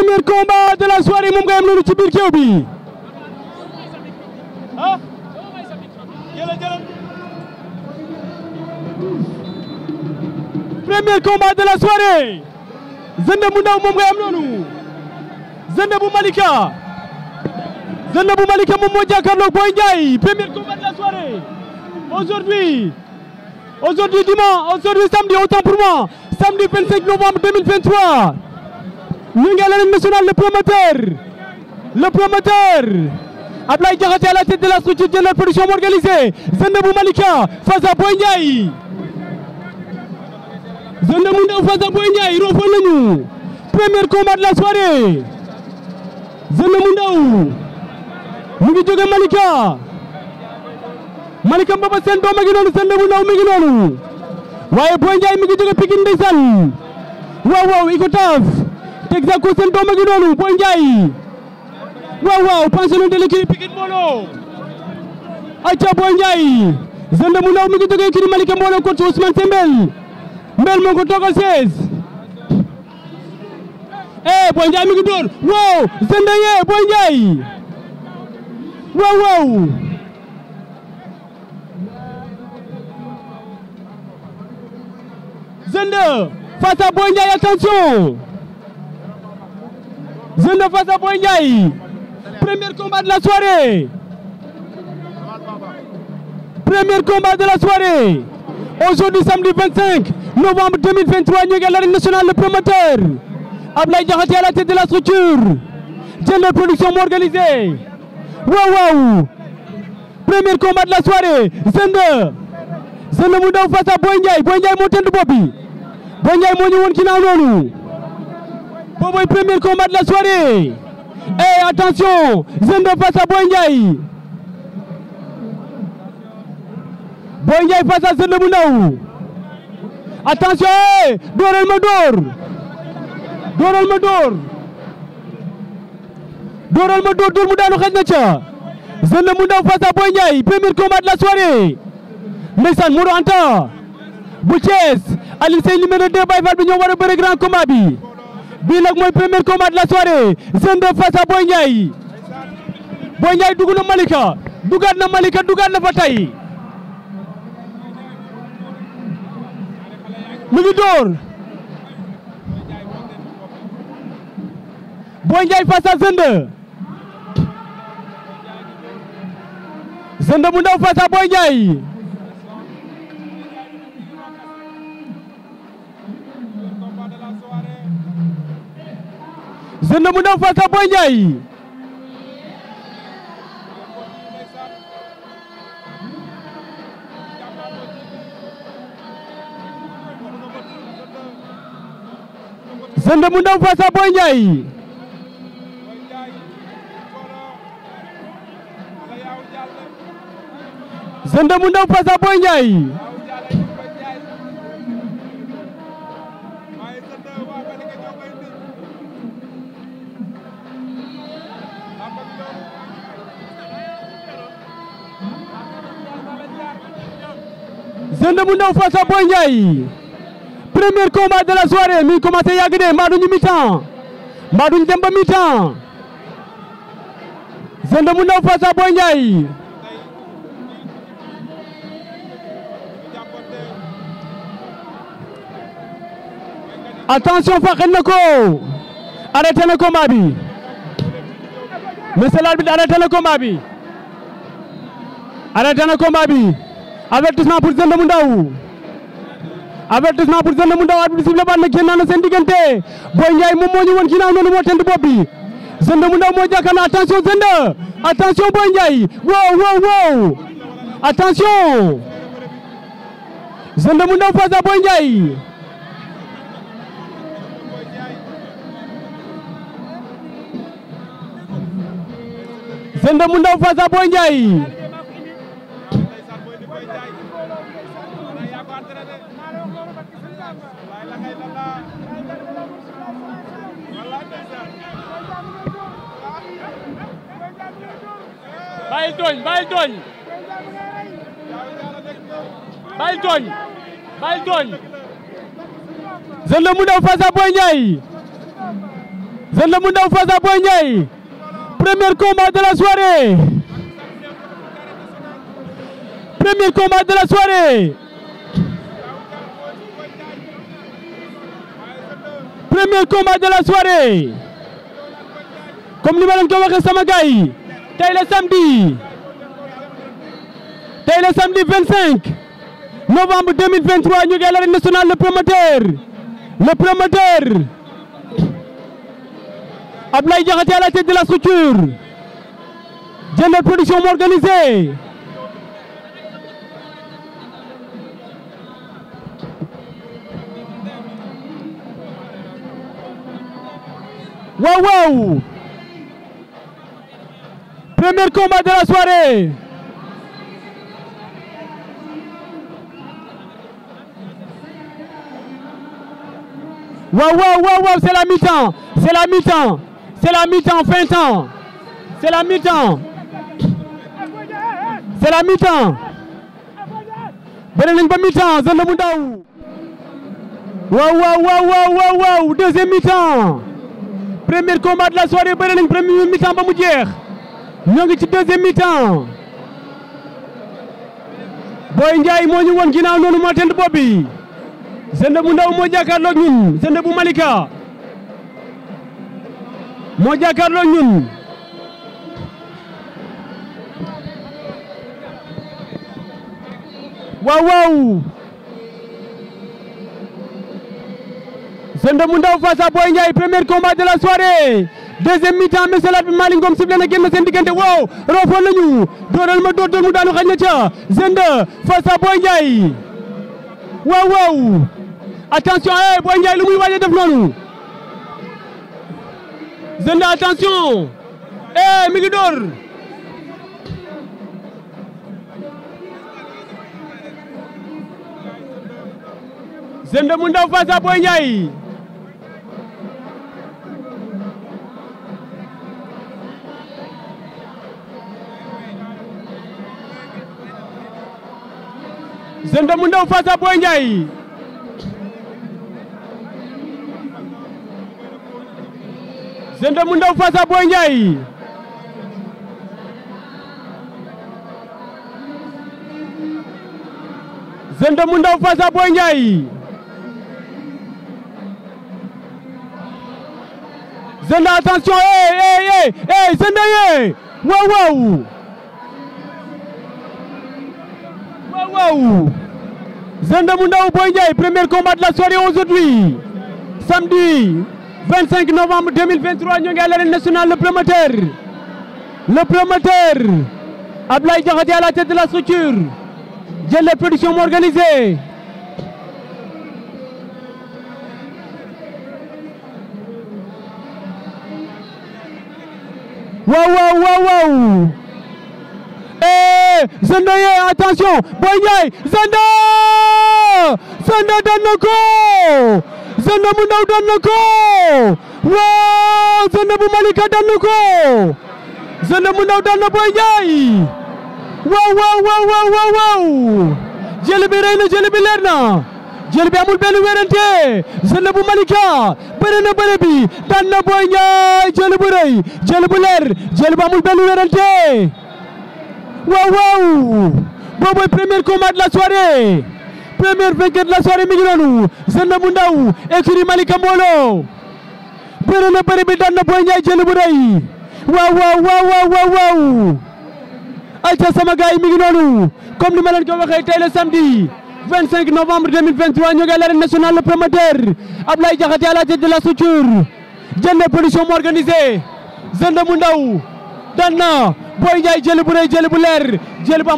premier combat de la soirée mon ngay am loolu ci premier combat de la soirée Zende bu ndaw moom ngay Zende Malika Zende Malika mon moo Boy premier combat de la soirée aujourd'hui aujourd'hui dimanche aujourd'hui samedi autant pour moi samedi 25 novembre 2023 ñu ngi l'arène nationale le promoteur le promoteur Ablaye Diakhaté à la tête de la structure Diender production organisée Zendabou Malika face à Boy Ndiaye Ndaw face à Boy Ndiaye roofal premier combat de la soirée Ndaw mu ngi jóge Malika Malika Mbaba seen doom a ngi noonu Zendabou Ndaw waaye Boy Ndiaye mi ngi jóge Pikine ndeysaan waaw waaw Icotaf Texaco seen doom a ngi noonu Boy Ndiaye waaw waaw pension de l'équipe Pikine Mbolo aca Boy Ndiaye jeune de mu ndaw mi ngi jógee Mbel moo ko toogal 16 eh Boy Ndiaye yee Boy Ndiaye waaw waaw jeune de face Zende face à Boy Premier combat de la soirée. Premier combat de la soirée. Aujourd'hui, samedi 25 novembre 2023, nous la nationale, le promoteur. Ablaï djahati à la tête de la structure. j'ai la production organisée. Waouh, waouh. Premier combat de la soirée. Zende. Zende Moudou face à Boy Ndiaye. Boy de Bobby. Boy Ndiaye, mon ginnaaw booboy premier combat de la soirée et eh, attention jeune de face à Boy Ndiaye Boy Ndiaye face à jeune bu ndaw attention eh dooral ma door dooral ma door dooral ma door door mu daanu xaj na ca jeune bu ndaw face à Boy Ndiaye premier combat de la soirée ndeysaan Modou Anta bu Thiès Alioune Seye numéro 2 Baye Fall bi ñoo war a bëre grand bii nag mooy premier combat de la soirée Zéne 2 face à Boy Ndiaye Boy door Boy Ndiaye face à Zéne 2 Zéne journée bu ndaw face à Boy Ndiaye journée bu ndaw face à Boy Ndiaye journée Zende ndaw face à Boy premier combat de la soirée mi ngi commencé yàgg de mbaa duñu mi-temps mbaa duñu dem mi-temps ndaw face à Boy attention faqen na Arrêtez le combat bi monsieur l'arbitre arrêtez le combat Arrêtez le combat అవ్వెట్టిసినప్పుడు ఉండవు avertissement pour zone mu ndaw arbitre sifflé baat na génn na seen diggante Boy Ndiaye moom moo ñu woon ginnaaw noonu moo tent bopp bi zone mu ndaw moo jàkkaarloo attention zone attention Boy Ndiaye wow wow wow attention zone mu ndaw face à Boy Ndiaye zone mu ndaw face à Boy Ndiaye bàyyil tooñ bàyyil tooñ bàyyil tooñ bàyyil tooñ Jeune le Moundou face à Boy Niang Jeune le Moundou face à Boy Niang premier combat premier combat de la soirée comme nous ma leen ko waxee sama samedi le samedi 25 novembre 2023 Nous avons nationale le promoteur le promoteur a à la tête de la structure de Production organisée, Waouh waouh Premier combat de la soirée Waouh waouh waouh wow! c'est la mi-temps C'est la mi-temps C'est la mi-temps fin temps C'est la mi-temps C'est la mi-temps pas mi-temps Zalamundaou Waouh waouh waouh waouh waouh Deuxième mi-temps premier combat la soirée bëri nañ premier mi-temps ba mu jeex ñoo ngi ci deuxième mi-temps Boy Ndiaye moo noonu moo tënd bopp bi Zende bu ndaw moo jàkkaarloo bu Malika moo jàkkaarloo ñun waaw waaw Sendou Ndaw face à Boy Ndiaye de la soirée deuxième mi-temps monsieur l'arbitre Malick Ngom sifflé na génn seen diggante waaw roofoon ma door mu daanu xañ na ca Sendou face à Boy Ndiaye waaw waaw attention eh, lu muy waaj def noonu Sendou attention eh mi ngi door Sendou Ndaw Zender bu ndaw face à Boy Ndiaye Zender bu ndaw face à Boy Ndiaye Zender bu ndaw face à Boy Ndiaye Zender attention eh, eh, eh, eh Zenda Moundaou Boydiaï, premier combat de la soirée aujourd'hui. Samedi 25 novembre 2023, nous à l'arène nationale, le promoteur. Le promoteur, Ablaï Djaradi à la tête de la structure. J'ai la production organisée. Waouh, waouh, waouh, waouh. Eh, Zendaye, attention, Boydiaï, Zendaye Sanda daan na ko Sanda bu ndaw daan waaw Sanda bu Malika daan na ko Sanda bu ndaw daan na waaw waaw waaw waaw waaw waaw jël na jël leer na jël amul benn wérante Sanda bu Malika bëri na bëri bi daan na Boy Ndiaye jël leer jël amul benn wérante waaw waaw boobu premier combat de la première vainqueur la soirée mi ngi noonu jeune la bu na bëre bi daan na Boy Niang jël bu rëy waaw waaw waaw waaw yi mi ngi noonu comme ni ma leen ko waxee tey le samedi 25 novembre 2023 ñu ngi à l'arène nationale le promoteur Ablaye Diakhaté à la tête de mu organisé jeune la bu ndaw daan na Boy Niang jël bu rëy jël bu